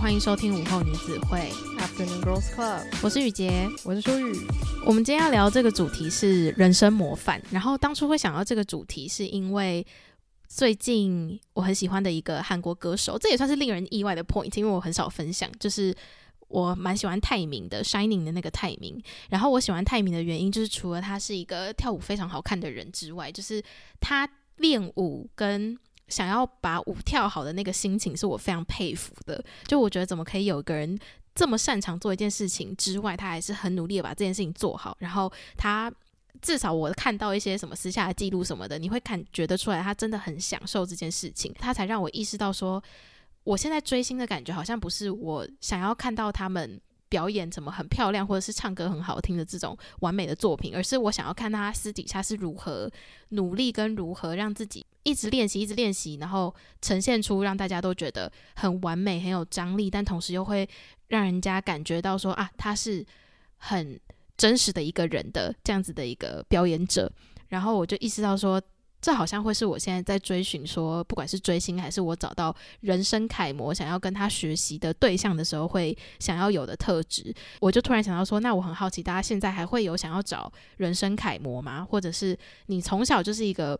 歡迎收聽午後女子會 Afternoon Girls Club，我是雨潔，我是舒雨。我們今天要聊這個主題是人生模範。然後當初會想到這個主題，是因為最近我很喜歡的一個韓國歌手，這也算是令人意外的 point，因為我很少分享。就是我蠻喜歡泰民的，Shining 的那個泰民，然後我喜歡泰民的原因，就是除了他是一個跳舞非常好看的人之外，就是他練舞跟想要把舞跳好的那個心情，是我非常佩服的。就我覺得，怎麼可以有一個人這麼擅長做一件事情之外，他還是很努力的把這件事情做好。然後他至少我看到一些什麼私下的記錄什麼的，你會看覺得出來，他真的很享受這件事情。他才讓我意識到說，我現在追星的感覺好像不是我想要看到他們。表演怎麼很漂亮，或者是唱歌很好聽的這種完美的作品，而是我想要看他私底下是如何努力跟如何讓自己一直練習、一直練習，然後呈現出讓大家都覺得很完美、很有張力，但同時又會讓人家感覺到說啊，他是很真實的一個人的這樣子的一個表演者。然後我就意識到說，這好像會是我現在在追尋，說不管是追星還是我找到人生楷模，想要跟他學習的對象的時候，會想要有的特質。我就突然想到說，那我很好奇，大家現在還會有想要找人生楷模嗎？或者是你從小就是一個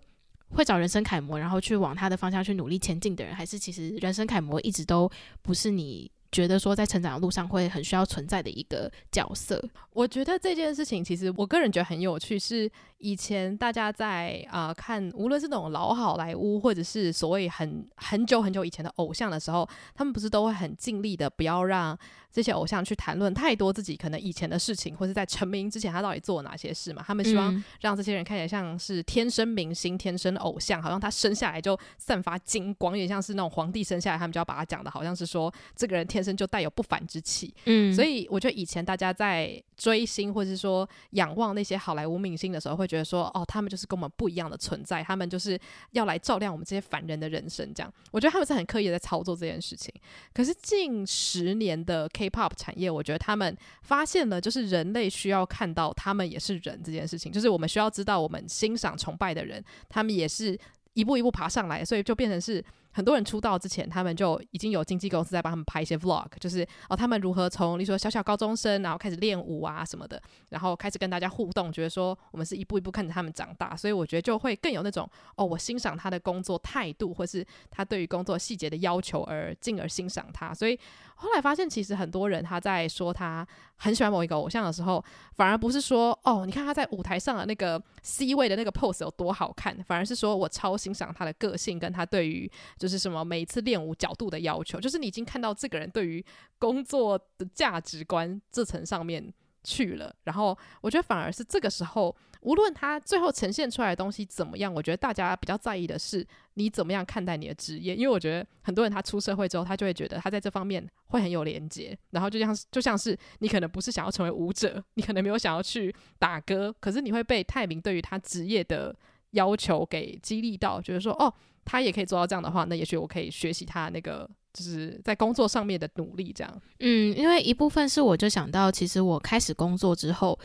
會找人生楷模，然後去往他的方向去努力前進的人，還是其實人生楷模一直都不是你覺得說在成長的路上會很需要存在的一個角色？我覺得這件事情其實我個人覺得很有趣，是。以前大家在啊、呃、看，無論是那種老好萊塢，或者是所謂很很久很久以前的偶像的時候，他們不是都會很盡力的，不要讓這些偶像去談論太多自己可能以前的事情，或是在成名之前他到底做了哪些事嘛？他們希望讓這些人看起來像是天生明星、天生偶像，好像他生下來就散發金光，也像是那種皇帝生下來，他們就要把他講的好像是說，這個人天生就帶有不凡之氣。嗯，所以我覺得以前大家在。追星，或者是說仰望那些好萊塢明星的時候，會覺得說，哦，他們就是跟我們不一樣的存在，他們就是要來照亮我們這些凡人的人生。這樣，我覺得他們是很刻意在操作這件事情。可是近十年的 K-pop 產業，我覺得他們發現了，就是人類需要看到他們也是人這件事情，就是我們需要知道我們欣賞、崇拜的人，他們也是一步一步爬上來，所以就變成是。很多人出道之前，他們就已經有經紀公司在幫他們拍一些 Vlog，就是哦，他們如何從，你說小小高中生，然後開始練舞啊什麼的，然後開始跟大家互動，覺得說我們是一步一步看着他們長大，所以我覺得就會更有那種哦，我欣賞他的工作態度，或是他對於工作細節的要求，而進而欣賞他。所以後來發現，其實很多人他在說他很喜歡某一個偶像的時候，反而不是說哦，你看他在舞台上的那個 C 位的那個 pose 有多好看，反而是說我超欣賞他的個性，跟他對於就是就是什麼每一次練舞角度的要求，就是你已經看到這個人對於工作的價值觀這層上面去了。然後我覺得反而是這個時候，無論他最後呈現出來的東西怎麼樣，我覺得大家比較在意的是你怎麼樣看待你的職業。因為我覺得很多人他出社會之後，他就會覺得他在這方面會很有連接。然後就像就像是你可能不是想要成為舞者，你可能沒有想要去打歌，可是你會被泰民對於他職業的要求給激勵到，覺得說哦。他也可以做到這樣的話，那也許我可以學習他那個，就是在工作上面的努力這樣。嗯，因為一部分是我就想到，其實我開始工作之後，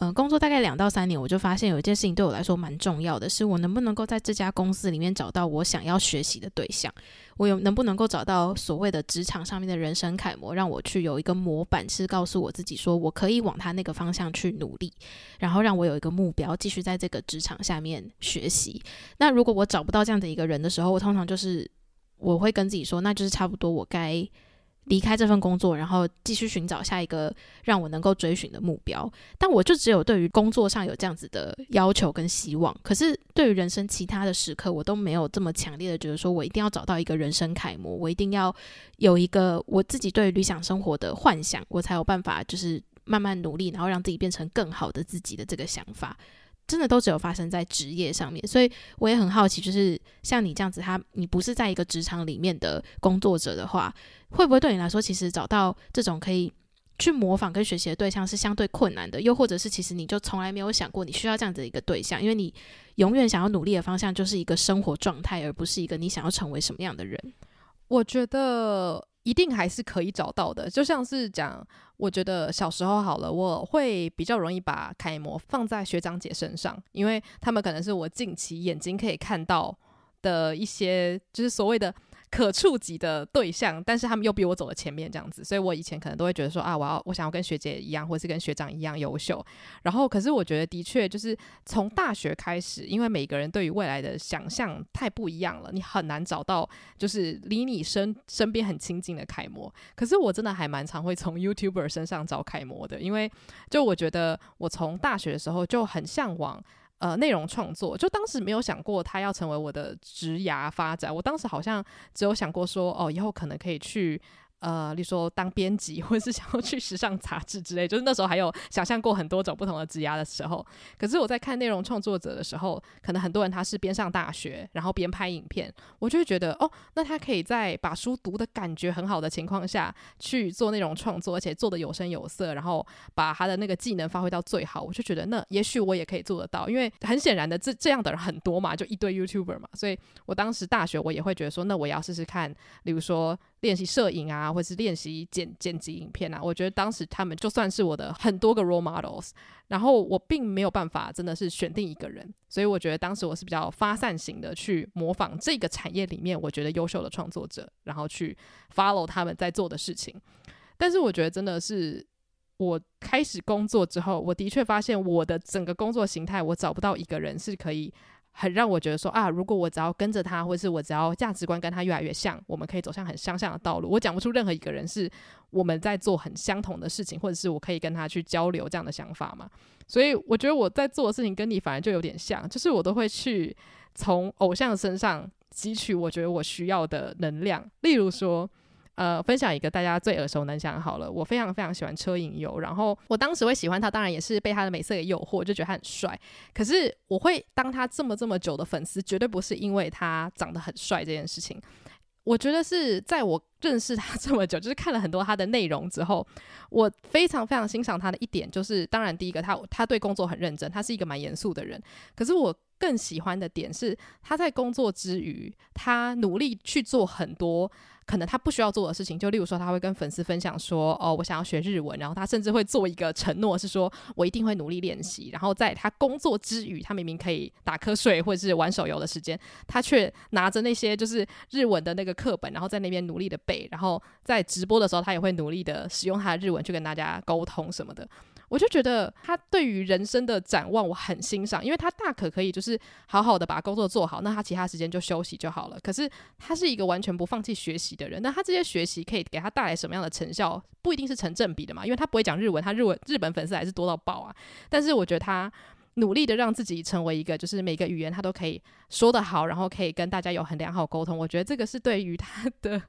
呃，工作大概兩到三年，我就發現有一件事情對我來說蠻重要的是，是我能不能夠在這家公司裡面找到我想要學習的對象，我有能不能夠找到所謂的職場上面的人生楷模，讓我去有一個模板，是告訴我自己說我可以往他那個方向去努力，然後讓我有一個目標，繼續在這個職場下面學習。那如果我找不到這樣的一個人的時候，我通常就是我會跟自己說，那就是差不多我該離開這份工作，然後繼續尋找下一個讓我能夠追尋的目標。但我就只有對於工作上有這樣子的要求跟希望，可是對於人生其他的時刻，我都沒有這麼強烈的覺得，說我一定要找到一個人生楷模，我一定要有一個我自己對理想生活的幻想，我才有辦法就是慢慢努力，然後讓自己變成更好的自己的這個想法。真的都只有發生在職業上面，所以我也很好奇，就是像你這樣子他，他你不是在一個職場裡面的工作者的話，會不會對你來說，其實找到這種可以去模仿跟學習的對象是相對困難的？又或者是其實你就從來沒有想過你需要這樣子的一個對象，因為你永遠想要努力的方向就是一個生活狀態，而不是一個你想要成為什麼樣的人。我覺得。一定還是可以找到的，就像是講，我覺得小時候好了，我會比較容易把楷模放在學長姐身上，因為他們可能是我近期眼睛可以看到的一些，就是所謂的。可觸及的對象，但是他們又比我走在前面這樣子，所以我以前可能都會覺得說啊，我要我想要跟學姐一樣，或是跟學長一樣優秀。然後，可是我覺得的確就是從大學開始，因為每個人對於未來的想象太不一樣了，你很難找到就是離你身身邊很親近的楷模。可是我真的還蠻常會從 YouTuber 身上找楷模的，因為就我覺得我從大學的時候就很向往。呃，內容創作，就當時沒有想過，它要成為我的職涯發展。我當時好像只有想過說，哦，以後可能可以去。呃，例如說當編輯，或者是想要去時尚雜誌之類，就是那時候還有想象過很多種不同的職涯的時候。可是我在看內容創作者的時候，可能很多人他是邊上大學，然後邊拍影片，我就會覺得哦，那他可以在把書讀的感覺很好的情況下去做內容創作，而且做得有聲有色，然後把他的那個技能發揮到最好。我就覺得那也許我也可以做得到，因為很顯然的，這這樣的人很多嘛，就一堆 YouTuber 嘛。所以我當時大學我也會覺得說，那我也要試試看，比如說。練習攝影啊，或者是練習剪剪輯影片啊，我覺得當時他們就算是我的很多個 role models，然後我並沒有辦法真的是選定一個人，所以我覺得當時我是比較發散型的去模仿這個產業裡面我覺得優秀的創作者，然後去 follow 他們在做的事情。但是我覺得真的是我開始工作之後，我的確發現我的整個工作形態，我找不到一個人是可以。很讓我覺得說啊，如果我只要跟着他，或是我只要價值觀跟他越來越像，我們可以走向很相像的道路。我講不出任何一個人是我們在做很相同的事情，或者是我可以跟他去交流這樣的想法嘛。所以我覺得我在做的事情跟你反而就有點像，就是我都會去從偶像身上汲取我覺得我需要的能量，例如說。呃，分享一個大家最耳熟能詳好了。我非常非常喜歡車銀優，然後我當時會喜歡他，當然也是被他的美色給誘惑，就覺得他很帥。可是我會當他這麼這麼久的粉絲，絕對不是因為他長得很帥這件事情。我覺得是在我。認識他這麼久，就是看了很多他的內容之後，我非常非常欣賞他的一點，就是當然第一個他，他他對工作很認真，他是一個蠻嚴肅的人。可是我更喜歡的點是，他在工作之餘，他努力去做很多可能他不需要做的事情。就例如說，他會跟粉絲分享說：“哦，我想要學日文。”然後他甚至會做一個承諾，是說我一定會努力練習。然後在他工作之餘，他明明可以打瞌睡或者是玩手遊的時間，他卻拿着那些就是日文的那個課本，然後在那邊努力的背。然後在直播的時候，他也會努力的使用他的日文去跟大家溝通什麼的。我就覺得他對於人生的展望我很欣賞，因為他大可可以就是好好的把工作做好，那他其他時間就休息就好了。可是他是一個完全不放棄學習的人，那他這些學習可以給他帶來什麼樣的成效？不一定是成正比的嘛，因為他不會講日文，他日文日本粉絲還是多到爆啊。但是我覺得他努力的讓自己成為一個，就是每個語言他都可以說得好，然後可以跟大家有很良好溝通。我覺得這個是對於他的。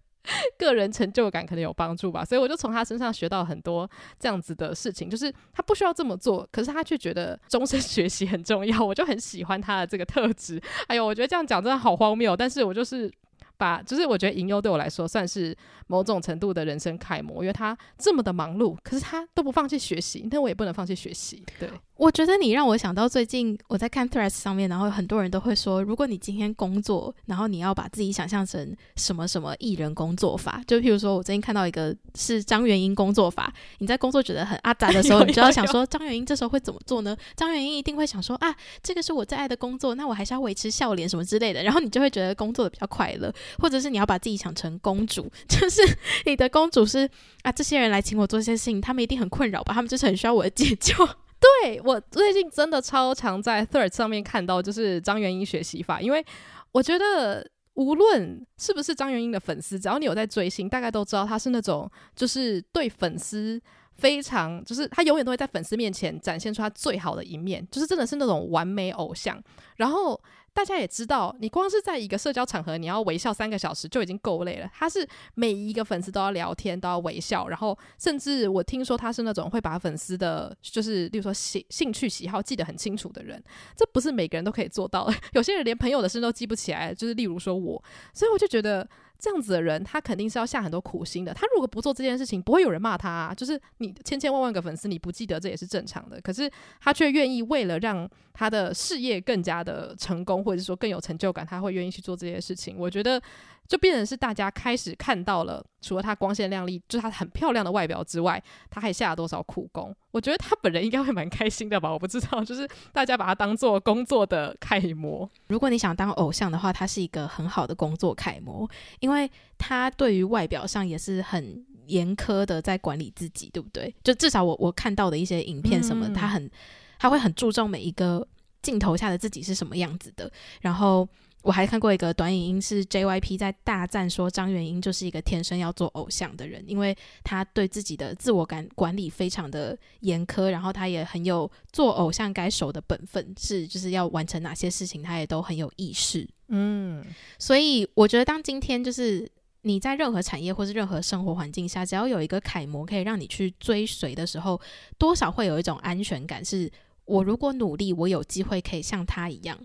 個人成就感可能有幫助吧，所以我就從他身上學到很多這樣子的事情，就是他不需要這麼做，可是他卻覺得終身學習很重要，我就很喜歡他的這個特質。哎呦，我覺得這樣講真的好荒謬，但是我就是把，就是我覺得銀優對我來說算是某種程度的人生楷模，因為他這麼的忙碌，可是他都不放棄學習，那我也不能放棄學習，對。我覺得你讓我想到最近我在看 threads 上面，然後很多人都會說，如果你今天工作，然後你要把自己想象成什麼什麼藝人工作法，就譬如說我最近看到一個是張元英工作法，你在工作覺得很阿雜的時候，你就要想說張元英這時候會怎麼做呢？張元英一定會想說啊，這個是我最愛的工作，那我還是要維持笑臉什麼之類的，然後你就會覺得工作的比較快樂，或者是你要把自己想成公主，就是你的公主是啊，這些人來請我做些事情，他們一定很困擾吧，他們就是很需要我的解救。對，我最近真的超常在 Third 上面看到，就是張元英學習法，因為我覺得無論是不是張元英的粉絲，只要你有在追星，大概都知道她是那種就是對粉絲非常，就是她永遠都會在粉絲面前展現出她最好的一面，就是真的是那種完美偶像，然後。大家也知道，你光是在一個社交場合，你要微笑三個小時就已經夠累了。他是每一個粉絲都要聊天，都要微笑，然後甚至我聽說他是那種會把粉絲的，就是例如說喜興趣、喜好記得很清楚的人。這不是每個人都可以做到的，有些人連朋友的事都記不起來，就是例如說我，所以我就覺得。這樣子的人，他肯定是要下很多苦心的。他如果不做這件事情，不會有人罵他啊。就是你千千萬萬個粉絲，你不記得這也是正常的。可是他卻願意為了讓他的事業更加的成功，或者說更有成就感，他會願意去做這些事情。我覺得。就變成是大家開始看到了，除了他光鮮亮麗，就是他很漂亮的外表之外，他還下了多少苦功？我覺得他本人應該會蠻開心的吧？我不知道，就是大家把他當做工作的楷模。如果你想當偶像的話，他是一個很好的工作楷模，因為他對於外表上也是很嚴苛的在管理自己，對不對？就至少我我看到的一些影片什麼、嗯，他很他會很注重每一個鏡頭下的自己是什麼樣子的，然後。我還看過一個短影音，是 JYP 在大讚說張元英就是一個天生要做偶像的人，因為他對自己的自我感管理非常的嚴苛，然後他也很有做偶像該守的本分，是就是要完成哪些事情，他也都很有意識。嗯，所以我覺得當今天就是你在任何產業或是任何生活環境下，只要有一個楷模可以讓你去追隨的時候，多少會有一種安全感，是我如果努力，我有機會可以像他一樣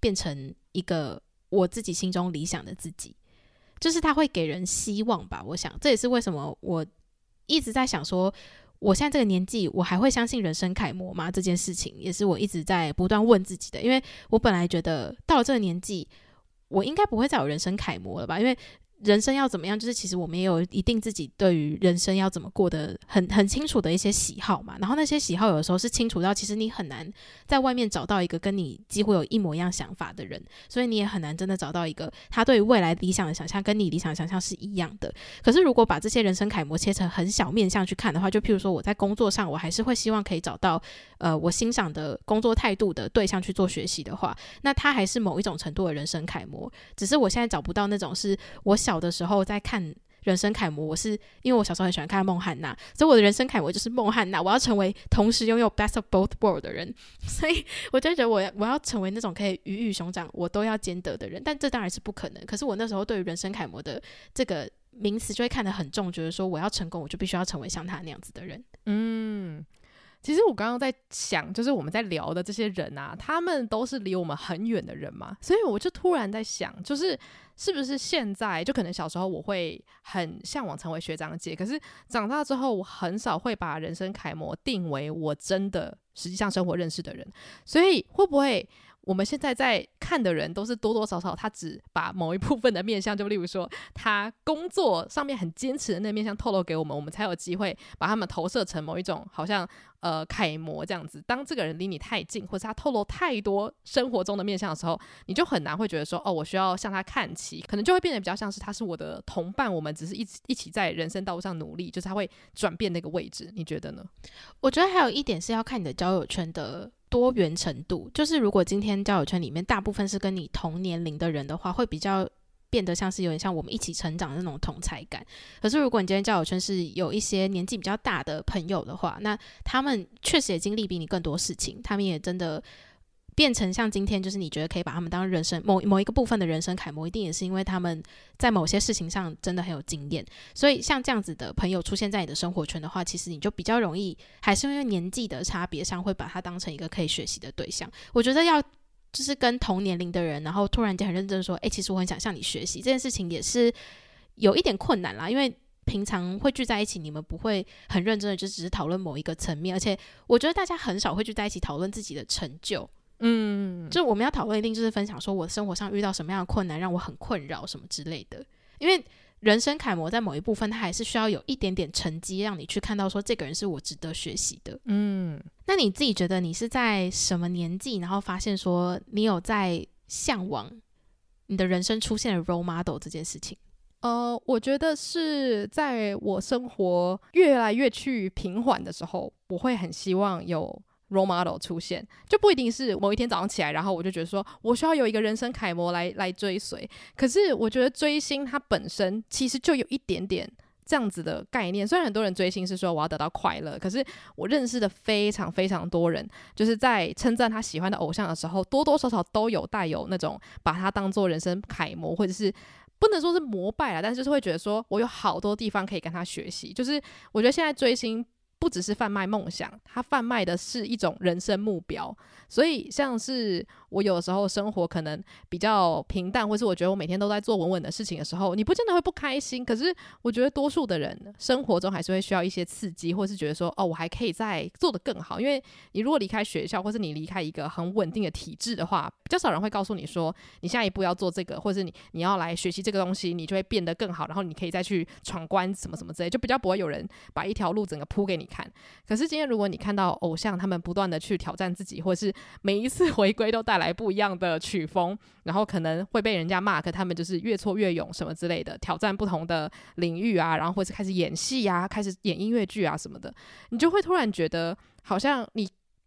變成。一個我自己心中理想的自己，就是他會給人希望吧。我想，這也是為什麼我一直在想說，我現在這個年紀，我還會相信人生楷模嗎？這件事情也是我一直在不斷問自己的。因為我本來覺得到了這個年紀，我應該不會再有人生楷模了吧？因為人生要怎麼樣？就是其實，我們也有一定自己對於人生要怎麼過的很很清楚的一些喜好嘛。然後那些喜好有的時候是清楚到，其實你很難在外面找到一個跟你幾乎有一模一樣想法的人，所以你也很難真的找到一個他對於未來理想的想象跟你理想的想象是一樣的。可是如果把這些人生楷模切成很小面向去看的話，就譬如說我在工作上，我還是會希望可以找到呃我欣賞的工作態度的對象去做學習的話，那他還是某一種程度的人生楷模，只是我現在找不到那種是我想。小的時候在看人生楷模，我是因為我小時候很喜歡看孟漢娜，所以我的人生楷模就是孟漢娜。我要成為同時擁有 best of both world 的人，所以我就覺得我要我要成為那種可以魚與熊掌我都要兼得的人。但這當然是不可能。可是我那時候對於人生楷模的這個名詞就會看得很重，覺得說我要成功，我就必須要成為像他那樣子的人。嗯。其實我剛剛在想，就是我們在聊的這些人啊，他們都是離我們很遠的人嘛，所以我就突然在想，就是是不是現在就可能小時候我會很向往成為學長姐，可是長大之後我很少會把人生楷模定為我真的實際上生活認識的人，所以會不會？我們現在在看的人，都是多多少少他只把某一部分的面相，就例如說他工作上面很堅持的那面相透露給我們，我們才有機會把他們投射成某一種好像呃楷模這樣子。當這個人離你太近，或者他透露太多生活中的面相的時候，你就很難會覺得說哦，我需要向他看齊，可能就會變得比較像是他是我的同伴，我們只是一起一起在人生道路上努力，就是他會轉變那個位置。你覺得呢？我覺得還有一點是要看你的交友圈的多元程度，就是如果今天交友圈裡面大部分是跟你同年齡的人的話，會比較變得像是有點像我們一起成長的那種同儕感。可是如果你今天交友圈是有一些年紀比較大的朋友的話，那他們確實也經歷比你更多事情，他們也真的。變成像今天，就是你覺得可以把他們當人生某某一個部分的人生楷模，一定也是因為他們在某些事情上真的很有經驗。所以像這樣子的朋友出現在你的生活圈的話，其實你就比較容易，還是因為年紀的差別上，會把他當成一個可以學習的對象。我覺得要就是跟同年齡的人，然後突然間很認真說，欸，其實我很想向你學習，這件事情也是有一點困難啦。因為平常會聚在一起，你們不會很認真的就只是討論某一個層面，而且我覺得大家很少會聚在一起討論自己的成就。嗯，就我們要討論，一定就是分享說，我生活上遇到什麼樣的困難，讓我很困擾，什麼之類的。因為人生楷模在某一部分，他還是需要有一點點成績，讓你去看到說，這個人是我值得學習的。嗯，那你自己覺得你是在什麼年紀，然後發現說你有在向往你的人生出現的 role model 這件事情？呃，我覺得是在我生活越來越趨於平緩的時候，我會很希望有。Role model 出現就不一定是某一天早上起來，然後我就覺得說我需要有一個人生楷模來來追隨。可是我覺得追星它本身其實就有一點點這樣子的概念。雖然很多人追星是說我要得到快樂，可是我認識的非常非常多人，就是在稱讚他喜歡的偶像的時候，多多少少都有帶有那種把他當做人生楷模，或者是不能說是膜拜啦，但是就是會覺得說我有好多地方可以跟他學習。就是我覺得現在追星。不只是販賣夢想，他販賣的是一種人生目標。所以，像是我有時候生活可能比較平淡，或是我覺得我每天都在做穩穩的事情的時候，你不真的不見得會不開心。可是，我覺得多數的人生活中還是會需要一些刺激，或是覺得說，哦，我還可以再做的做得更好。因為你如果離開學校，或是你離開一個很穩定的體制的話，比較少人會告訴你說，你下一步要做這個，或是你你要來學習這個東西，你就會變得更好，然後你可以再去闖關什麼什麼之類的，就比較不會有人把一條路整個鋪給你。看，可是今天如果你看到偶像他們不斷的去挑戰自己，或是每一次回歸都帶來不一樣的曲風，然後可能會被人家罵，可他們就是越挫越勇什麽之類的，挑戰不同的領域啊，然後或是開始演戲呀、啊，開始演音樂劇啊什麽的，你就會突然覺得好像你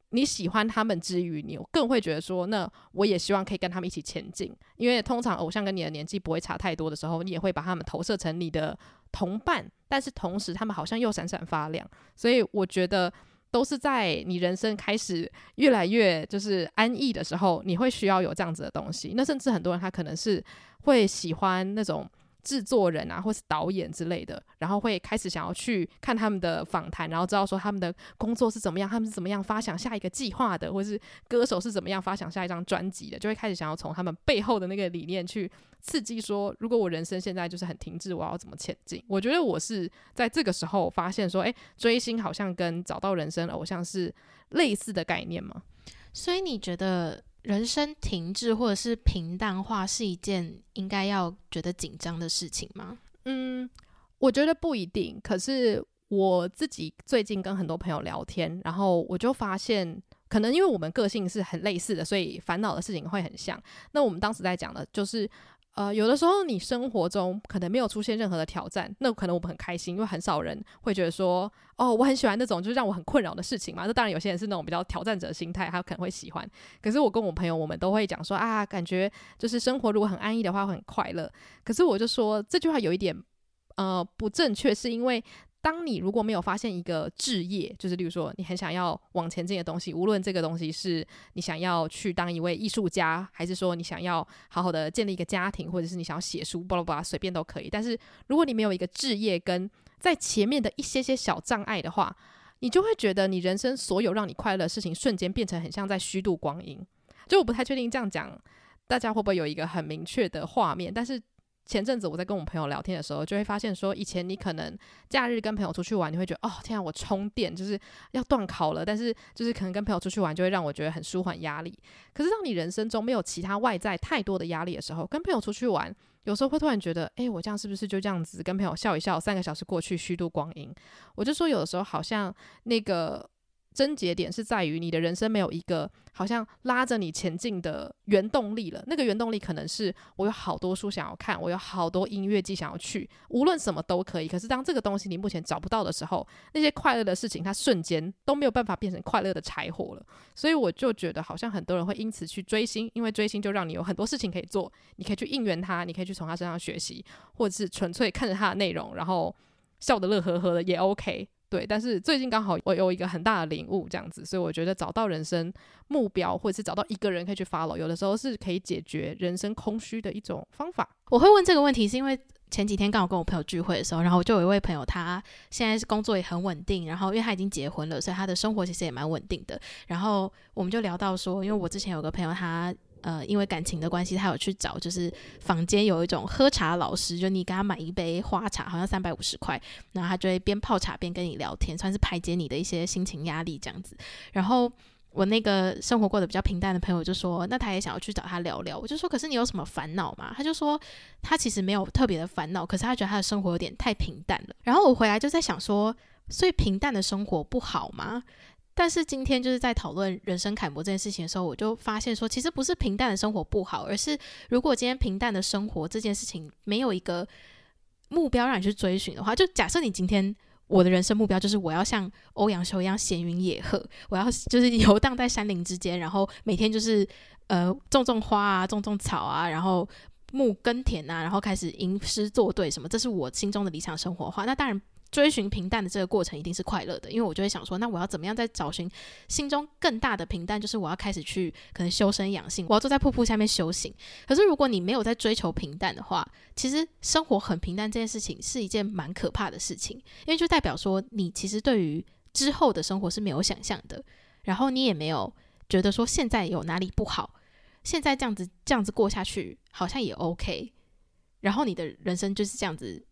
你喜歡他們之餘，你更會覺得說，那我也希望可以跟他們一起前進，因為通常偶像跟你的年紀不會差太多的時候，你也會把他們投射成你的同伴。但是同時，他們好像又閃閃發亮，所以我覺得都是在你人生開始越來越就是安逸的時候，你會需要有這樣子的東西。那甚至很多人他可能是會喜歡那種。製作人啊，或是導演之類的，然後會開始想要去看他們的訪談，然後知道說他們的工作是怎麼樣，他們是怎麼樣發想下一個計劃的，或是歌手是怎麼樣發想下一張專輯的，就會開始想要從他們背後的那個理念去刺激說，說如果我人生現在就是很停滯，我要怎麼前進？我覺得我是在這個時候發現說，誒、欸，追星好像跟找到人生偶像是類似的概念嗎？所以你覺得？人生停滯或者是平淡化是一件應該要覺得緊張的事情嗎？嗯，我覺得不一定。可是我自己最近跟很多朋友聊天，然後我就發現，可能因為我們個性是很類似的，所以煩惱的事情會很像。那我們當時在講的就是。呃，有的時候你生活中可能沒有出現任何的挑戰，那可能我們很開心，因為很少人會覺得說，哦，我很喜歡那種就是讓我很困擾的事情嘛。那當然，有些人是那種比較挑戰者的心態，他可能會喜歡。可是我跟我朋友，我們都會講說，啊，感覺就是生活如果很安逸的話，會很快樂。可是我就說這句話有一點，呃，不正確，是因為。當你如果沒有發現一個志業，就是例如說你很想要往前進的東西，無論這個東西是你想要去當一位藝術家，還是說你想要好好的建立一個家庭，或者是你想要寫書，巴拉巴拉隨便都可以。但是如果你沒有一個志業跟在前面的一些些小障礙的話，你就會覺得你人生所有讓你快樂的事情瞬間變成很像在虛度光陰。就我不太確定這樣講大家會不會有一個很明確的畫面，但是。前陣子我在跟我朋友聊天的時候，就會發現說，以前你可能假日跟朋友出去玩，你會覺得哦，天啊，我充電就是要斷考了。但是就是可能跟朋友出去玩，就會讓我覺得很舒緩壓力。可是當你人生中沒有其他外在太多的壓力的時候，跟朋友出去玩，有時候會突然覺得，誒，我這樣是不是就這樣子跟朋友笑一笑，三個小時過去，虛度光陰。我就說，有的時候好像那個。癥結點是在於你的人生沒有一個好像拉着你前進的原動力了。那個原動力可能是我有好多書想要看，我有好多音樂祭想要去，無論什麼都可以。可是當這個東西你目前找不到的時候，那些快樂的事情它瞬間都沒有辦法變成快樂的柴火了。所以我就覺得好像很多人會因此去追星，因為追星就讓你有很多事情可以做，你可以去應援他，你可以去從他身上學習，或者是純粹看着他的內容，然後笑得樂呵呵的也 OK。對，但是最近剛好我有一個很大的領悟，這樣子，所以我覺得找到人生目標，或者是找到一個人可以去 follow，有的時候是可以解決人生空虛的一種方法。我會問這個問題，是因為前幾天剛好跟我朋友聚會的時候，然後就有一位朋友，他現在是工作也很穩定，然後因為他已經結婚了，所以他的生活其實也蠻穩定的。然後我們就聊到說，因為我之前有個朋友，他。呃，因為感情的關係，他有去找，就是坊間有一種喝茶老師，就你給他買一杯花茶，好像三百五十塊，然後他就會邊泡茶邊跟你聊天，算是排解你的一些心情壓力這樣子。然後我那個生活過得比較平淡的朋友就說，那他也想要去找他聊聊。我就說，可是你有什麼煩惱嗎？他就說，他其實沒有特別的煩惱，可是他覺得他的生活有點太平淡了。然後我回來就在想說，所以平淡的生活不好嗎？但是今天就是在討論人生楷模這件事情的時候，我就發現說，其實不是平淡的生活不好，而是如果今天平淡的生活這件事情沒有一個目標讓你去追尋的話，就假設你今天我的人生目標就是我要像歐陽修一樣閒雲野鶴，我要就是遊蕩在山林之間，然後每天就是呃種種花啊，種種草啊，然後牧耕田啊，然後開始吟詩作對什麼，這是我心中的理想生活的話，那當然，追尋平淡的這個過程一定是快樂的，因為我就會想說，那我要怎麼樣再找尋心中更大的平淡？就是我要開始去可能修身養性，我要坐在瀑布下面修行。可是如果你沒有在追求平淡的話，其實生活很平淡這件事情是一件蠻可怕的事情，因為就代表說你其實對於之後的生活是沒有想象的，然後你也沒有覺得說現在有哪裡不好，現在這樣子這樣子過下去好像也 OK，然後你的人生就是這樣子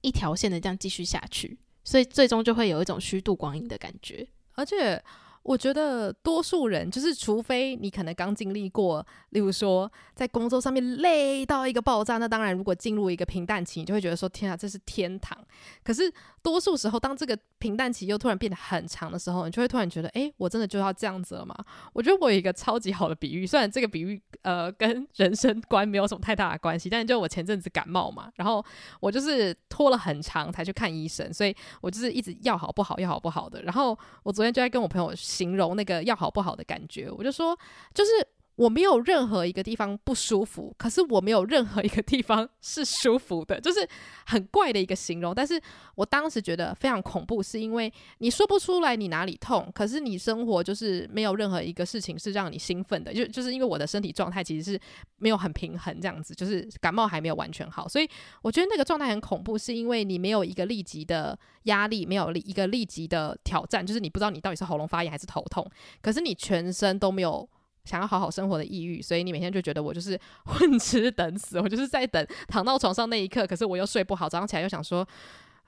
一條線的這樣繼續下去，所以最終就會有一種虛度光陰的感覺。而且我覺得多數人就是，除非你可能剛經歷過，例如說在工作上面累到一個爆炸，那當然如果進入一個平淡期，你就會覺得說天啊，這是天堂。可是多數時候，當這個平淡期又突然變得很長的時候，你就會突然覺得，誒、欸，我真的就要這樣子了嗎？我覺得我有一個超級好的比喻，雖然這個比喻呃跟人生觀沒有什麼太大的關係，但是就我前陣子感冒嘛，然後我就是拖了很長才去看醫生，所以我就是一直要好不好，要好不好的，然後我昨天就在跟我朋友形容那個要好不好的感覺，我就說，就是。我沒有任何一個地方不舒服，可是我沒有任何一個地方是舒服的，就是很怪的一個形容。但是我當時覺得非常恐怖，是因為你說不出來你哪裡痛，可是你生活就是沒有任何一個事情是讓你興奮的，就就是因為我的身體狀態其實是沒有很平衡，這樣子就是感冒還沒有完全好，所以我覺得那個狀態很恐怖，是因為你沒有一個立即的壓力，沒有一個立即的挑戰，就是你不知道你到底是喉嚨發炎還是頭痛，可是你全身都沒有。想要好好生活的抑鬱，所以你每天就覺得我就是混吃等死，我就是在等躺到床上那一刻。可是我又睡不好，早上起來又想說，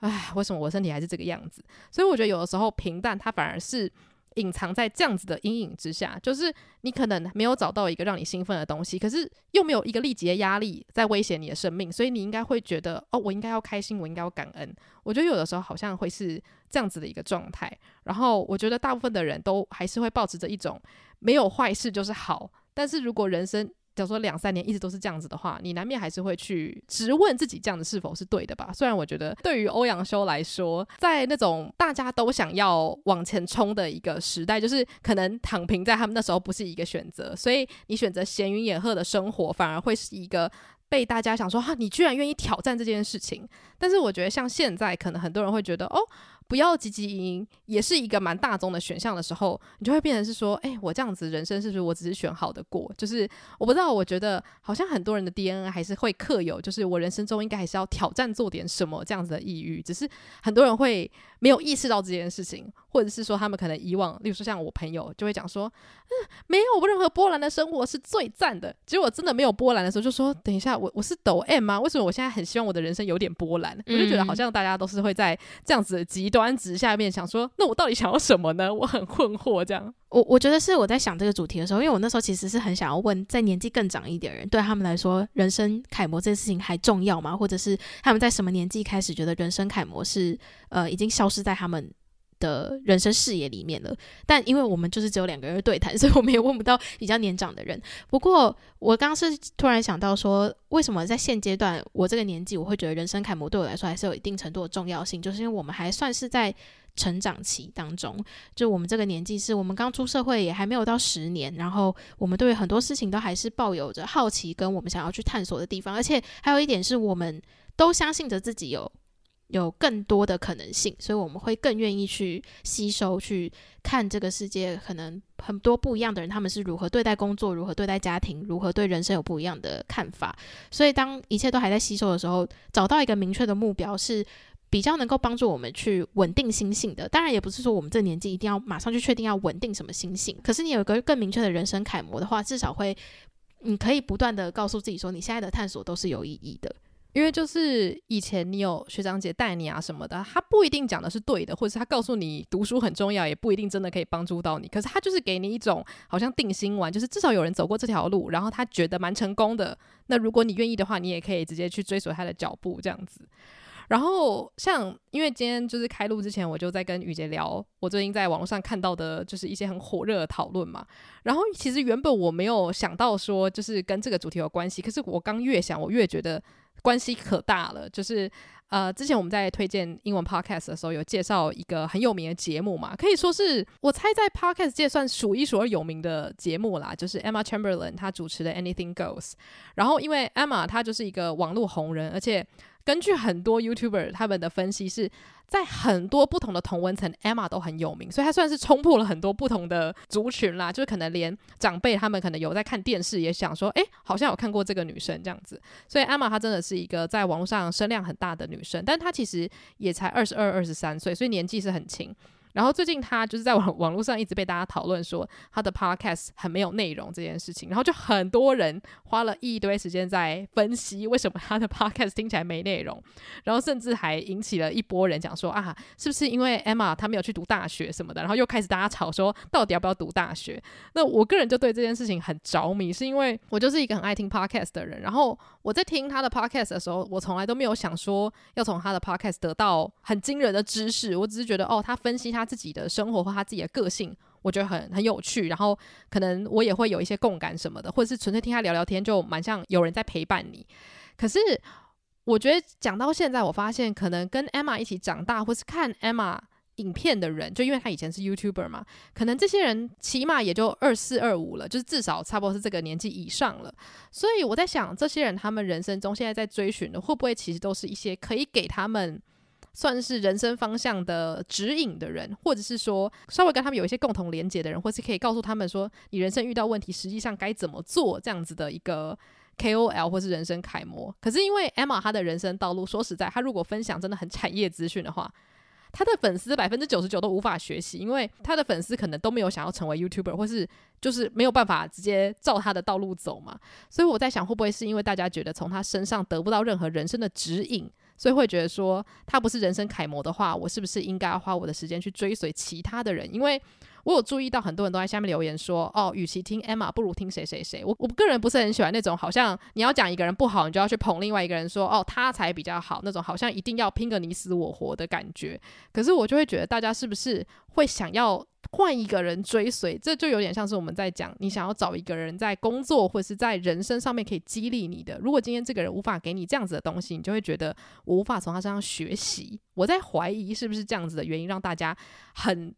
唉，為什麼我身體還是這個樣子？所以我覺得有的時候平淡，它反而是。隱藏在這樣子的陰影之下，就是你可能沒有找到一個讓你興奮的東西，可是又沒有一個立即的壓力在威脅你的生命，所以你應該會覺得哦，我應該要開心，我應該要感恩。我覺得有的時候好像會是這樣子的一個狀態。然後我覺得大部分的人都還是會抱持著一種沒有壞事就是好，但是如果人生假如說兩三年一直都是這樣子的話，你難免還是會去質問自己這樣子是否是對的吧？雖然我覺得對於歐陽修來說，在那種大家都想要往前衝的一個時代，就是可能躺平在他們那時候不是一個選擇，所以你選擇閒雲野鶴的生活，反而會是一個被大家想說哈、啊，你居然願意挑戰這件事情。但是我覺得像現在，可能很多人會覺得哦。不要汲汲營營，也是一個蠻大眾的選項的時候，你就會變成是說，哎、欸，我這樣子人生是不是我只是選好的過？就是我不知道，我覺得好像很多人的 DNA 還是會刻有，就是我人生中應該還是要挑戰做點什麼這樣子的抑鬱，只是很多人會沒有意識到這件事情。或者是說他們可能以往，例如說像我朋友就會講說，嗯，沒有任何波瀾的生活是最讚的。結果我真的沒有波瀾的時候，就說等一下，我我是抖 M 嗎？為什麼我現在很希望我的人生有點波瀾、嗯？我就覺得好像大家都是會在這樣子的極端值下面想說，那我到底想要什麼呢？我很困惑。這樣，我我覺得是我在想這個主題的時候，因為我那時候其實是很想要問，在年紀更長一點的人，對他們來說，人生楷模這件事情還重要嗎？或者是他們在什麼年紀開始覺得人生楷模是呃已經消失在他們的人生視野裡面了，但因為我們就是只有兩個人對談，所以我們也問不到比較年長的人。不過我剛剛是突然想到說，說，為什麼在現階段我這個年紀，我會覺得人生楷模對我來說還是有一定程度的重要性，就是因為我們還算是在成長期當中，就我們這個年紀是我們剛出社會也還沒有到十年，然後我們對於很多事情都還是抱有着好奇，跟我們想要去探索的地方，而且還有一點是我們都相信着自己有。有更多的可能性，所以我們會更願意去吸收、去看這個世界，可能很多不一樣的人，他們是如何對待工作、如何對待家庭、如何對人生有不一樣的看法。所以，當一切都還在吸收的時候，找到一個明確的目標是比較能夠幫助我們去穩定心性的。當然，也不是說我們這年紀一定要馬上去確定要穩定什麼心性，可是你有一個更明確的人生楷模的話，至少會你可以不斷地告訴自己說，你現在的探索都是有意義的。因為就是以前你有學長姐帶你啊什麼的，他不一定講的是對的，或者是他告訴你讀書很重要，也不一定真的可以幫助到你。可是他就是給你一種好像定心丸，就是至少有人走過這條路，然後他覺得蠻成功的。那如果你願意的話，你也可以直接去追隨他的腳步這樣子。然後像因為今天就是開錄之前，我就在跟雨杰聊，我最近在網絡上看到的就是一些很火熱的討論嘛。然後其實原本我沒有想到說就是跟這個主題有關係，可是我剛越想我越覺得。關係可大了，就是呃，之前我們在推薦英文 podcast 的時候，有介紹一個很有名的節目嘛，可以說是我猜在 podcast 界算數一數二有名的節目啦，就是 Emma Chamberlain 她主持的 Anything Goes。然後因為 Emma 她就是一個網絡紅人，而且。根據很多 YouTuber 他們的分析，是在很多不同的同溫層，Emma 都很有名，所以她算是衝破了很多不同的族群啦。就是可能連長輩他們可能有在看電視，也想說，哎、欸，好像有看過這個女生這樣子。所以 Emma 她真的是一個在網絡上聲量很大的女生，但她其實也才二十二、二十三歲，所以年紀是很輕。然後最近他就是在網網絡上一直被大家討論說他的 podcast 很沒有內容這件事情，然後就很多人花了一堆時間在分析為什麼他的 podcast 聽起來沒內容，然後甚至還引起了一波人講說啊，是不是因為 Emma 她沒有去讀大學什麼的，然後又開始大家吵說到底要不要讀大學？那我個人就對這件事情很着迷，是因為我就是一個很愛聽 podcast 的人，然後我在聽他的 podcast 的時候，我從來都沒有想說要從他的 podcast 得到很驚人的知識，我只是覺得哦，他分析他。他自己的生活或他自己的個性，我覺得很很有趣。然後可能我也會有一些共感什麼的，或者是純粹聽他聊聊天，就蠻像有人在陪伴你。可是我覺得講到現在，我發現可能跟 Emma 一起長大，或是看 Emma 影片的人，就因為他以前是 YouTuber 嘛，可能這些人起碼也就二四二五了，就是至少差不多是這個年紀以上了。所以我在想，這些人他們人生中現在在追尋的，會不會其實都是一些可以給他們。算是人生方向的指引的人，或者是說稍微跟他們有一些共同連接的人，或是可以告訴他們說你人生遇到問題，實際上該怎麼做這樣子的一個 KOL 或是人生楷模。可是因為 Emma 她的人生道路，說實在，她如果分享真的很產業資訊的話，她的粉絲百分之九十九都無法學習，因為她的粉絲可能都沒有想要成為 YouTuber，或是就是沒有辦法直接照她的道路走嘛。所以我在想，會不會是因為大家覺得從她身上得不到任何人生的指引？所以會覺得說他不是人生楷模的話，我是不是應該花我的時間去追隨其他的人？因為。我有注意到很多人都在下面留言說：“哦，與其聽 Emma，不如聽誰誰誰。”我我個人不是很喜歡那種好像你要講一個人不好，你就要去捧另外一個人說：“哦，他才比較好。”那種好像一定要拼個你死我活的感覺。可是我就會覺得大家是不是會想要換一個人追隨？這就有點像是我們在講，你想要找一個人在工作或者是在人生上面可以激勵你的。如果今天這個人無法給你這樣子的東西，你就會覺得我無法從他身上學習。我在懷疑是不是這樣子的原因讓大家很。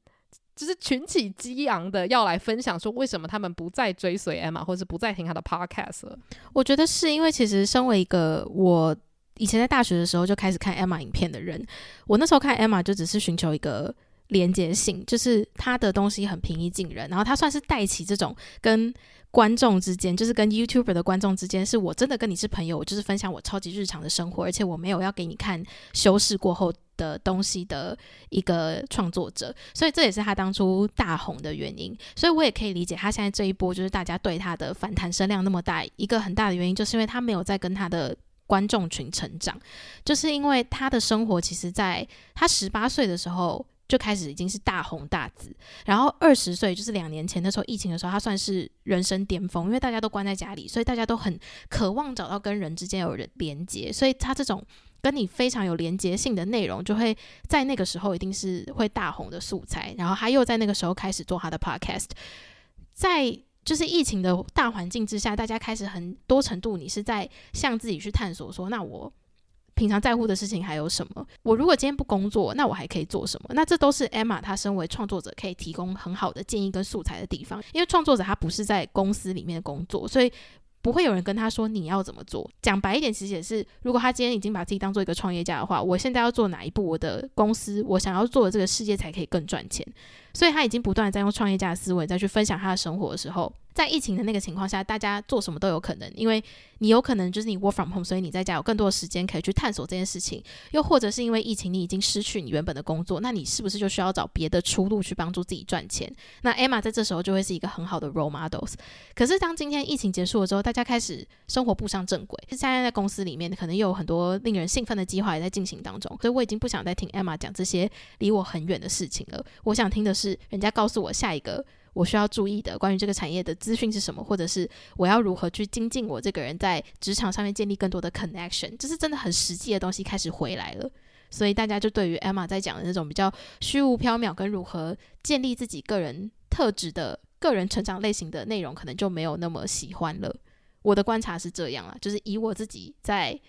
就是群起激昂的要來分享說，為什麼他們不再追隨 Emma，或者是不再聽他的 Podcast 了。我覺得是因為其實身為一個我以前在大學的時候就開始看 Emma 影片的人，我那時候看 Emma 就只是尋求一個。連接性就是他的東西很平易近人，然後他算是帶起這種跟觀眾之間，就是跟 YouTuber 的觀眾之間，是我真的跟你是朋友，我就是分享我超級日常的生活，而且我沒有要給你看修飾過後的東西的一個創作者，所以這也是他當初大紅的原因。所以我也可以理解他現在這一波就是大家對他的反彈聲量那麼大，一個很大的原因就是因為他沒有在跟他的觀眾群成長，就是因為他的生活其實在他十八歲的時候，就開始已經是大紅大紫，然後二十歲就是兩年前的時候疫情的時候，他算是人生巔峰，因為大家都關在家裡，所以大家都很渴望找到跟人之間有人連接，所以他這種跟你非常有連接性的內容，就會在那個時候一定是會大紅的素材。然後他又在那個時候開始做他的 podcast，在就是疫情的大環境之下，大家開始很多程度你是在向自己去探索說，說那我。平常在乎的事情還有什麼？我如果今天不工作，那我還可以做什麼？那這都是 Emma 她身為創作者可以提供很好的建議跟素材的地方。因為創作者他不是在公司裡面工作，所以不會有人跟他說你要怎麼做。講白一點，其實也是，如果他今天已經把自己當做一個創業家的話，我現在要做哪一步？我的公司，我想要做的這個世界才可以更賺錢？所以他已經不斷的在用創業家的思維再去分享他的生活的時候。在疫情的那個情況下，大家做什麼都有可能，因為你有可能就是你 work from home，所以你在家有更多的時間可以去探索這件事情。又或者是因為疫情，你已經失去你原本的工作，那你是不是就需要找別的出路去幫助自己賺錢？那 Emma 在這時候就會是一個很好的 role models。可是當今天疫情結束了之後，大家開始生活步上正軌，現在在公司裡面可能又有很多令人興奮的計劃也在進行當中。所以我已經不想再聽 Emma 講這些離我很遠的事情了。我想聽的是人家告訴我下一個。我需要注意的、關於這個產業的資訊是什麼，或者是我要如何去精進我這個人，在職場上面建立更多的 connection，這是真的很實際的東西開始回來了。所以大家就對於 Emma 在講的那種比較虛無縹緲跟如何建立自己個人特質的個人成長類型的內容，可能就沒有那麼喜歡了。我的觀察是這樣了，就是以我自己在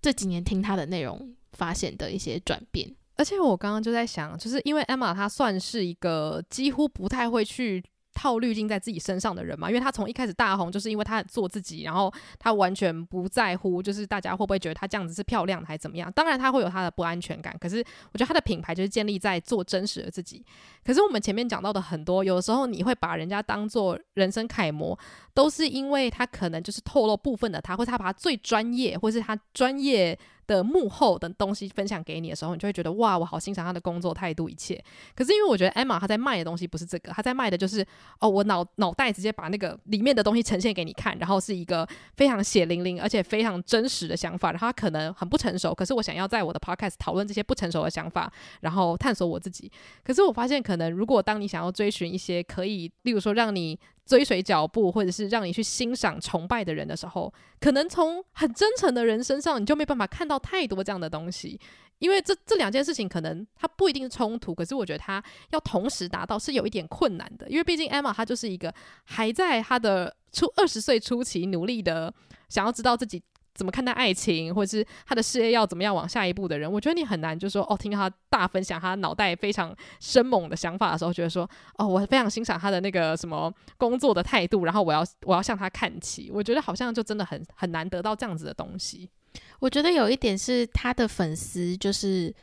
這幾年聽她的內容發現的一些轉變。而且我剛剛就在想，就是因為 Emma 她算是一個幾乎不太會去套濾鏡在自己身上的人嘛，因為她從一開始大紅就是因為她做自己，然後她完全不在乎就是大家會不會覺得她這樣子是漂亮的還是怎麼樣。當然她會有她的不安全感，可是我覺得她的品牌就是建立在做真實的自己。可是我們前面講到的很多，有時候你會把人家當做人生楷模，都是因為她可能就是透露部分的她，或是她把她最專業，或是她專業。的幕後的東西分享給你的時候，你就會覺得哇，我好欣賞他的工作態度一切。可是因為我覺得 Emma 她在賣的東西不是這個，他在賣的就是哦，我腦腦袋直接把那個裡面的東西呈現給你看，然後是一個非常血淋淋而且非常真實的想法，然後他可能很不成熟。可是我想要在我的 podcast 討論這些不成熟的想法，然後探索我自己。可是我發現，可能如果當你想要追尋一些可以，例如說讓你追隨腳步，或者是讓你去欣賞、崇拜的人的時候，可能從很真誠的人身上，你就沒辦法看到太多這樣的東西。因為這這兩件事情，可能它不一定是衝突，可是我覺得它要同時達到，是有一點困難的。因為畢竟 Emma 她就是一個還在她的初二十歲初期努力的，想要知道自己。怎麼看待愛情，或者是他的事業要怎麼樣往下一步的人，我覺得你很難，就說哦，聽到他大分享他腦袋非常生猛的想法的時候，覺得說哦，我非常欣賞他的那個什麼工作的態度，然後我要我要向他看齊。我覺得好像就真的很很難得到這樣子的東西。我覺得有一點是他的粉絲，就是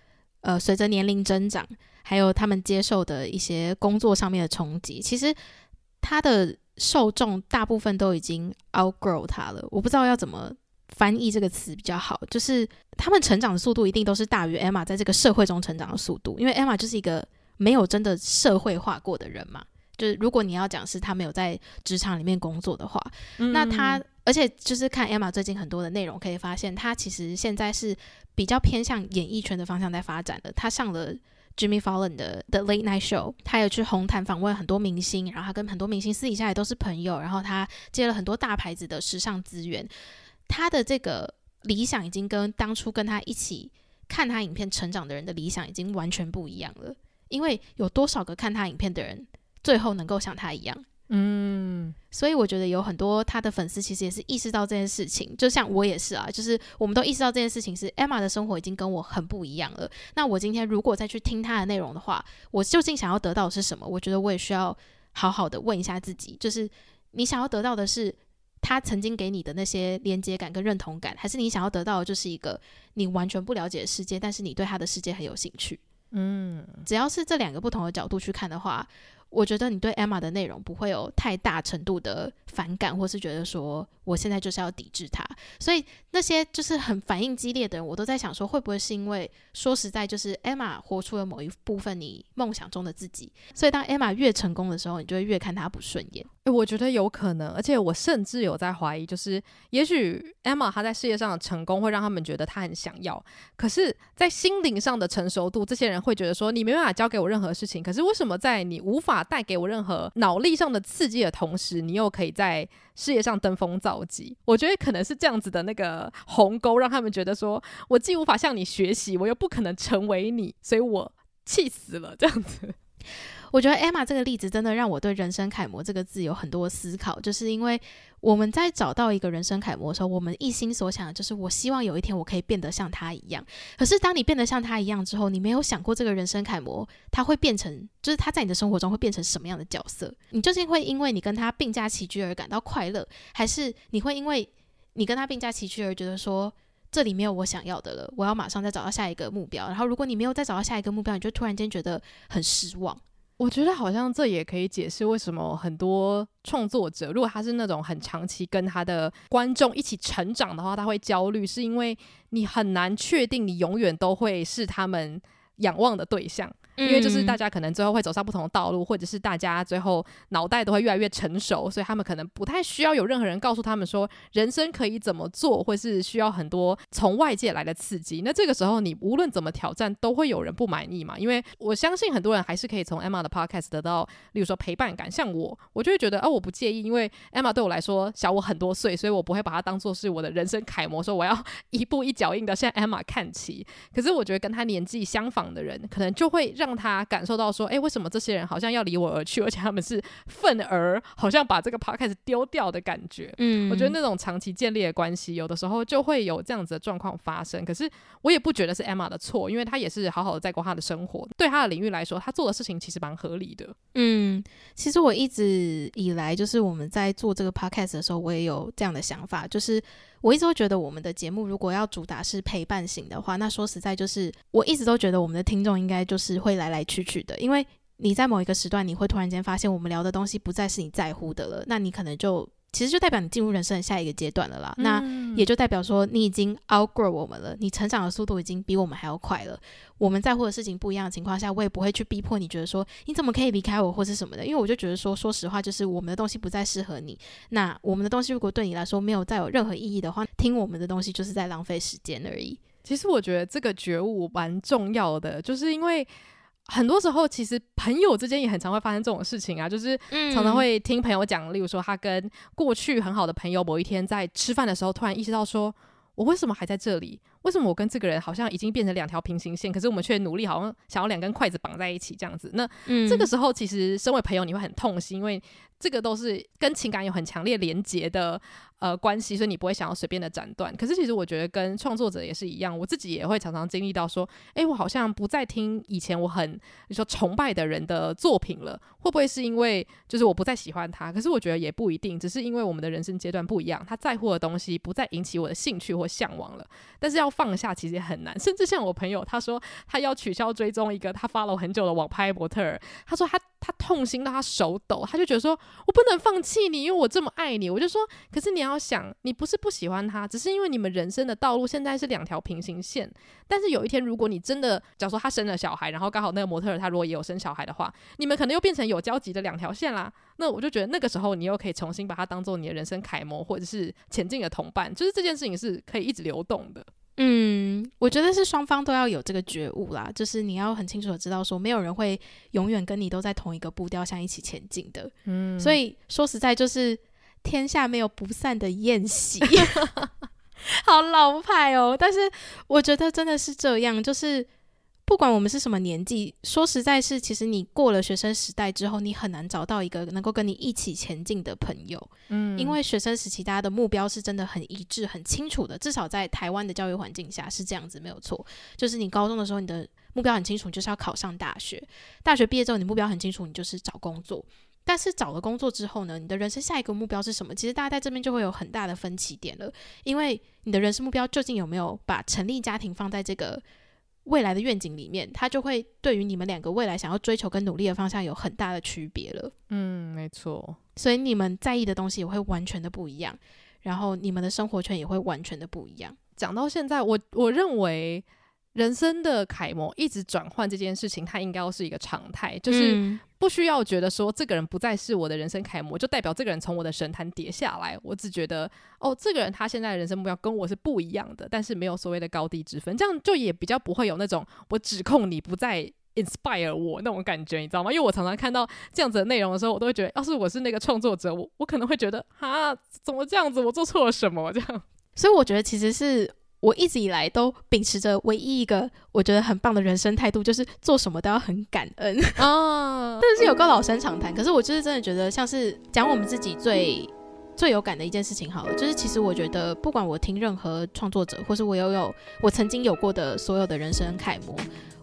呃，隨着年齡增長，還有他們接受的一些工作上面的衝擊，其實他的受眾大部分都已經 outgrow 他了。我不知道要怎麼。翻譯這個詞比較好，就是他們成長的速度一定都是大於 Emma 在這個社會中成長的速度，因為 Emma 就是一個沒有真的社會化過的人嘛。就是如果你要講是他沒有在職場裡面工作的話，嗯嗯嗯，那他而且就是看 Emma 最近很多的內容可以發現，他其實現在是比較偏向演藝圈的方向在發展的。他上了 Jimmy Fallon 的 The Late Night Show，他有去紅毯訪問很多明星，然後他跟很多明星私底下也都是朋友，然後他接了很多大牌子的時尚資源。他的這個理想已經跟當初跟他一起看他影片成長的人的理想已經完全不一樣了，因為有多少個看他影片的人最後能夠像他一樣？嗯，所以我覺得有很多他的粉絲其實也是意識到這件事情，就像我也是啊，就是我們都意識到這件事情是 Emma 的生活已經跟我很不一樣了。那我今天如果再去聽他的內容的話，我究竟想要得到的是什麼？我覺得我也需要好好的問一下自己，就是你想要得到的是。他曾經給你的那些連接感跟認同感，還是你想要得到的就是一個你完全不了解的世界，但是你對他的世界很有興趣。嗯，只要是這兩個不同的角度去看的話，我覺得你對 Emma 的內容不會有太大程度的反感，或是覺得說我現在就是要抵制他。所以那些就是很反應激烈的人，我都在想說，會不會是因為說實在，就是 Emma 活出了某一部分你夢想中的自己，所以當 Emma 越成功的時候，你就會越看他不順眼。我覺得有可能，而且我甚至有在懷疑，就是也許 Emma 她在事業上的成功會讓他們覺得她很想要，可是，在心靈上的成熟度，這些人會覺得說你沒辦法教給我任何事情。可是為什麼在你無法帶給我任何腦力上的刺激的同時，你又可以在事業上登峰造極？我覺得可能是這樣子的那個鴻溝，讓他們覺得說我既無法向你學習，我又不可能成為你，所以我氣死了，這樣子。我覺得 Emma 這個例子真的讓我對“人生楷模”這個字有很多思考，就是因為我們在找到一個人生楷模的時候，我們一心所想的就是我希望有一天我可以變得像他一樣。可是當你變得像他一樣之後，你沒有想過這個人生楷模他會變成，就是他在你的生活中會變成什麼樣的角色？你究竟會因為你跟他並駕齊驅而感到快樂，還是你會因為你跟他並駕齊驅而覺得說這裡沒有我想要的了？我要馬上再找到下一個目標。然後如果你沒有再找到下一個目標，你就突然間覺得很失望。我覺得好像這也可以解釋為什麼很多創作者，如果他是那種很長期跟他的觀眾一起成長的話，他會焦慮，是因為你很難確定你永遠都會是他們仰望的對象。因為就是大家可能最後會走上不同的道路，或者是大家最後腦袋都會越來越成熟，所以他們可能不太需要有任何人告訴他們說人生可以怎麼做，或是需要很多從外界來的刺激。那這個時候，你無論怎麼挑戰，都會有人不滿意嘛？因為我相信很多人還是可以從 Emma 的 Podcast 得到，例如說陪伴感。像我，我就會覺得啊、哦，我不介意，因為 Emma 對我來說小我很多歲，所以我不會把她當做是我的人生楷模，說我要一步一腳印的向 Emma 看齊。可是我覺得跟她年紀相仿的人，可能就會讓讓他感受到說：“哎、欸，為什麼這些人好像要離我而去？而且他們是憤而好像把這個 podcast 丟掉的感覺。”嗯，我覺得那種長期建立的關係，有的時候就會有這樣子的狀況發生。可是我也不覺得是 Emma 的錯，因為她也是好好的在過她的生活，對她的領域來說，她做的事情其實蠻合理的。嗯，其實我一直以來就是我們在做這個 podcast 的時候，我也有這樣的想法，就是。我一直都覺得，我們的節目如果要主打是陪伴型的話，那說實在就是我一直都覺得我們的聽眾應該就是會來來去去的，因為你在某一個時段，你會突然間發現我們聊的東西不再是你在乎的了，那你可能就。其實就代表你進入人生的下一個階段了啦，嗯、那也就代表說你已經 outgrow 我們了，你成長的速度已經比我們還要快了。我們在乎的事情不一樣的情況下，我也不會去逼迫你覺得說你怎麼可以離開我或是什麼的，因為我就覺得說，說實話，就是我們的東西不再適合你。那我們的東西如果對你來說沒有再有任何意義的話，聽我們的東西就是在浪費時間而已。其實我覺得這個覺悟蠻重要的，就是因為。很多時候，其實朋友之間也很常會發生這種事情啊，就是常常會聽朋友講，嗯，例如說他跟過去很好的朋友，某一天在吃飯的時候，突然意識到說：“我為什麼還在這裡？”為什麼我跟這個人好像已經變成兩條平行線，可是我們卻努力好像想要兩根筷子綁在一起這樣子？那、嗯、這個時候，其實身為朋友，你會很痛心，因為這個都是跟情感有很強烈連結的呃關係，所以你不會想要隨便的斬斷。可是，其實我覺得跟創作者也是一樣，我自己也會常常經歷到說：誒、欸，我好像不再聽以前我很你說崇拜的人的作品了，會不會是因為就是我不再喜歡他？可是我覺得也不一定，只是因為我們的人生階段不一樣，他在乎的東西不再引起我的興趣或嚮往了。但是要放下其實也很難，甚至像我朋友，他說他要取消追蹤一個他 follow 很久的網拍模特兒，他說他他痛心到他手抖，他就覺得說我不能放棄你，因為我這麼愛你。我就說，可是你要想，你不是不喜歡他，只是因為你們人生的道路現在是兩條平行線。但是有一天，如果你真的假如說他生了小孩，然後剛好那個模特兒他如果也有生小孩的話，你們可能又變成有交集的兩條線啦。那我就覺得那個時候，你又可以重新把他當做你的人生楷模，或者是前進的同伴。就是這件事情是可以一直流動的。嗯，我覺得是雙方都要有這個覺悟啦，就是你要很清楚的知道說，說沒有人會永遠跟你都在同一個步調，上一起前進的。嗯，所以說實在就是天下沒有不散的宴席， 好老派哦。但是我覺得真的是這樣，就是。不管我們是什麼年紀，說實在是，其實你過了學生時代之後，你很難找到一個能夠跟你一起前進的朋友。嗯，因為學生時期大家的目標是真的很一致、很清楚的，至少在台灣的教育環境下是這樣子，沒有錯。就是你高中的時候，你的目標很清楚，就是要考上大學；大學畢業之後，你的目標很清楚，你就是找工作。但是找了工作之後呢，你的人生下一個目標是什麼？其實大家在這邊就會有很大的分歧點了，因為你的人生目標究竟有沒有把成立家庭放在這個？未來的願景裡面，他就會對於你們兩個未來想要追求跟努力的方向有很大的區別了。嗯，沒錯。所以你們在意的東西也會完全的不一樣，然後你們的生活圈也會完全的不一樣。講到現在，我我認為。人生的楷模一直轉換這件事情，它應該要是一個常態，就是不需要覺得說這個人不再是我的人生楷模，就代表這個人從我的神壇跌下來。我只覺得哦，這個人他現在的人生目標跟我是不一樣的，但是沒有所謂的高低之分，這樣就也比較不會有那種我指控你不再 inspire 我那種感覺，你知道嗎？因為我常常看到這樣子的內容的時候，我都會覺得，要是我是那個創作者，我我可能會覺得，哈，怎麼這樣子？我做錯了什麼？這樣，所以我覺得其實是。我一直以來都秉持着唯一一個我覺得很棒的人生態度，就是做什麼都要很感恩、哦、 但是有個老生常談，可是我就是真的覺得，像是講我們自己最最有感的一件事情好了，就是其實我覺得，不管我聽任何創作者，或是我有有我曾經有過的所有的人生楷模。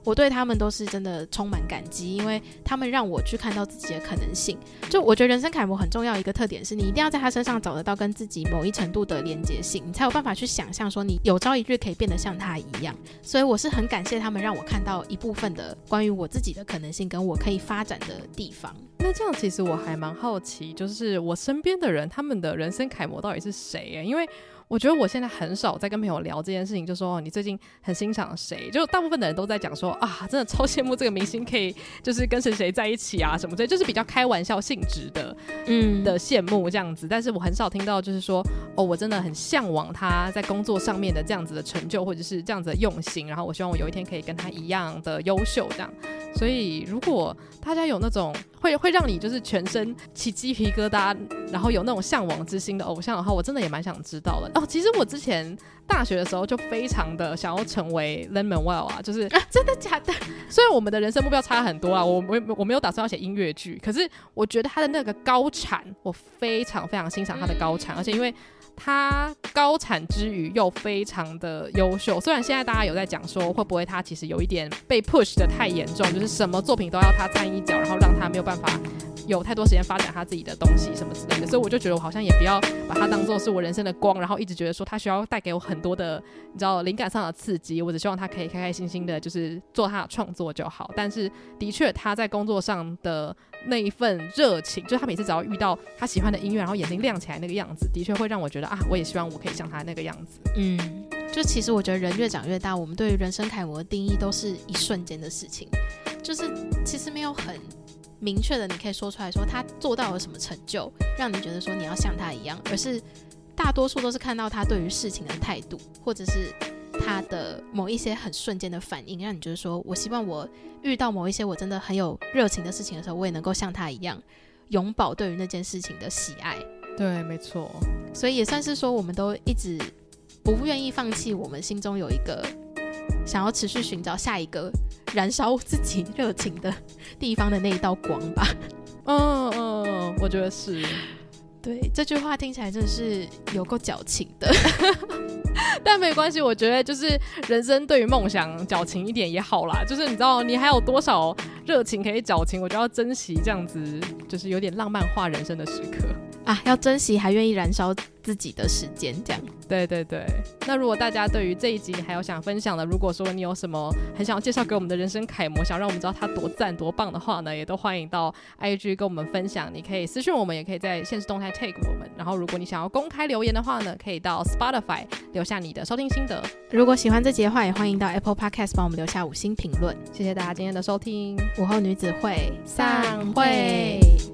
我對他們都是真的充滿感激，因為他們讓我去看到自己的可能性。就我覺得人生楷模很重要一個特點，是你一定要在他身上找得到跟自己某一程度的連接性，你才有辦法去想象說你有朝一日可以變得像他一樣。所以我是很感謝他們讓我看到一部分的關於我自己的可能性跟我可以發展的地方。那這樣其實我還蠻好奇，就是我身邊的人他們的人生楷模到底是誰欸？因為。我覺得我現在很少在跟朋友聊這件事情就是說，哦，你最近很欣賞誰？就大部分的人都在講說啊，真的超羨慕這個明星可以就是跟誰誰在一起啊什麼之類的，就是比較開玩笑性質的，嗯的羨慕這樣子。但是我很少聽到就是說哦，我真的很向往他在工作上面的這樣子的成就，或者是這樣子的用心，然後我希望我有一天可以跟他一樣的優秀這樣。所以，如果大家有那種會會讓你就是全身起雞皮疙瘩，然後有那種嚮往之心的偶像的話，我真的也蠻想知道的。哦，其實我之前大學的時候就非常的想要成為 Lin-Manuel 啊，就是、啊、真的假的？雖 然我們的人生目標差很多啊，我我我我沒有打算要寫音樂劇，可是我覺得他的那個高產，我非常非常欣賞他的高產，而且因為。他高產之餘又非常的優秀，雖然現在大家有在講說會不會他其實有一點被 push 的太嚴重，就是什麼作品都要他參一腳，然後讓他沒有辦法有太多時間發展他自己的東西什麼之類的，所以我就覺得我好像也不要把他當做是我人生的光，然後一直覺得說他需要帶給我很多的你知道靈感上的刺激，我只希望他可以開開心心的就是做他的創作就好。但是的確他在工作上的。那一份熱情，就是他每次只要遇到他喜歡的音樂，然後眼睛亮起來那個樣子，的確會讓我覺得啊，我也希望我可以像他那個樣子。嗯，就其實我覺得人越長越大，我們對於人生楷模的定義都是一瞬間的事情，就是其實沒有很明確的，你可以說出來說他做到了什麼成就，讓你覺得說你要像他一樣，而是大多數都是看到他對於事情的態度，或者是。他的某一些很瞬間的反應，讓你覺得說，我希望我遇到某一些我真的很有熱情的事情的時候，我也能夠像他一樣，永葆對於那件事情的喜愛。對，沒錯。所以也算是說，我們都一直不願意放棄我們心中有一個想要持續尋找下一個燃燒自己熱情的地方的那一道光吧。嗯、哦、嗯，我覺得是。對，這句話聽起來真的是有夠矯情的， 但沒關係，我覺得就是人生對於夢想矯情一點也好啦。就是你知道你還有多少熱情可以矯情，我就要珍惜這樣子，就是有點浪漫化人生的時刻。啊，要珍惜，還願意燃燒自己的時間，這樣。對對對。那如果大家對於這一集還有想分享的，如果說你有什麼很想介紹給我們的人生楷模，想讓我們知道他多讚多棒的話呢，也都歡迎到 IG 跟我們分享。你可以私訊我們，也可以在限時動態 tag 我們。然後，如果你想要公開留言的話呢，可以到 Spotify 留下你的收聽心得。如果喜歡這集的話，也歡迎到 Apple Podcast 幫我們留下五星評論。謝謝大家今天的收聽，午後女子會散會。上會